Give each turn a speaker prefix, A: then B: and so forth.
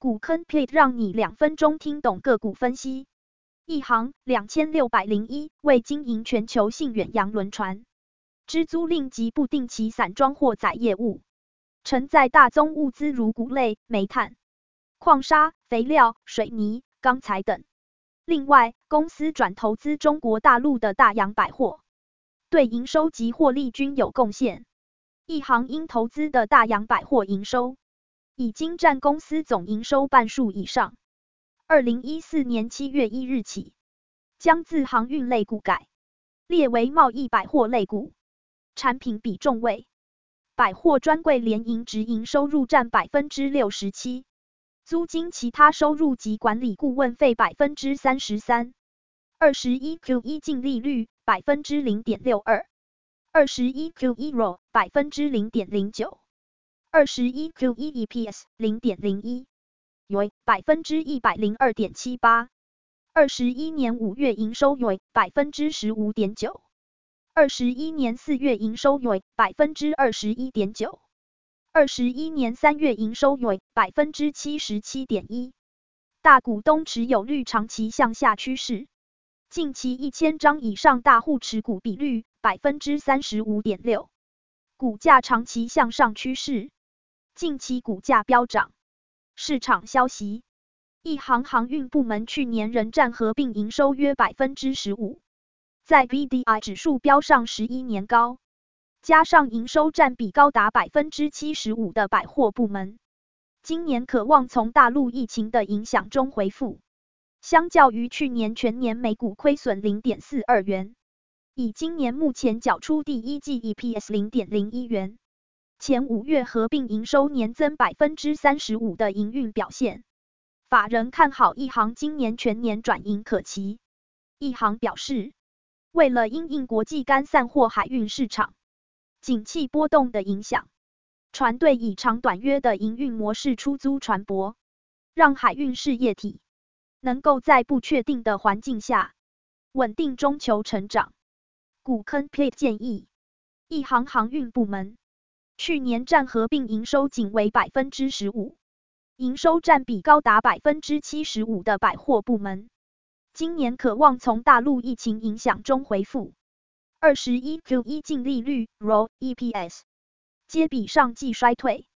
A: 股坑 plate 讓你兩分鐘聽懂個股分析。益航兩千六百零一為經營全球性遠洋輪船、支租賃及不定期散裝貨載業務，承載大宗物資如穀類、煤炭、礦砂、肥料、水泥、鋼材等。另外，公司轉投資中國大陸的大洋百貨，對營收及獲利均有貢獻。益航因投資的大洋百貨營收。已經占公司總營收半數以上。二零一四年七月一日起，將自航運類股改列為貿易百貨類股。產品比重為百貨專櫃聯營直營收入占百分之六十七，租金、其他收入及管理顧問費百分之三十三。二十一 Q 一淨利率百分之零點六二，二十一 Q 一 ROE 百分之零點零九。二十一 Q1 EPS 零點零一，YoY 百分之一百零二點七八。二十一年五月營收 YoY 百分之十五點九，二十一年四月營收 YoY 百分之二十一點九，二十一年三月營收 YoY 百分之七十七點一。大股東持有率長期向下趨勢，近期一千張以上大戶持股比率百分之三十五點六，股價長期向上趨勢。近期股價飆漲，市場消息，益航航運部門去年仍占合併營收約百分之十五，在 BDI 指數飆上十一年高，加上營收占比高達百分之七十五的百貨部門，今年可望從大陸疫情的影響中回復。相較於去年全年每股虧損零點四二元，以今年目前繳出第一季 EPS 零點零一元。前五月合併營收年增百分之三十五的營運表現，法人看好益航今年全年轉盈可期。益航表示，為了因應國際乾散貨海運市場景氣波動的影響，船隊以長短約的營運模式出租船舶，讓海運事業體能夠在不確定的環境下穩定中求成長。股坑 plate 建議，益航航運部門。去年佔合併營收僅為百分之十五，營收占比高達百分之七十五的百貨部門，今年可望從大陸疫情影響中回復。二十一 Q 一淨利率、ROE、EPS，皆比上季衰退。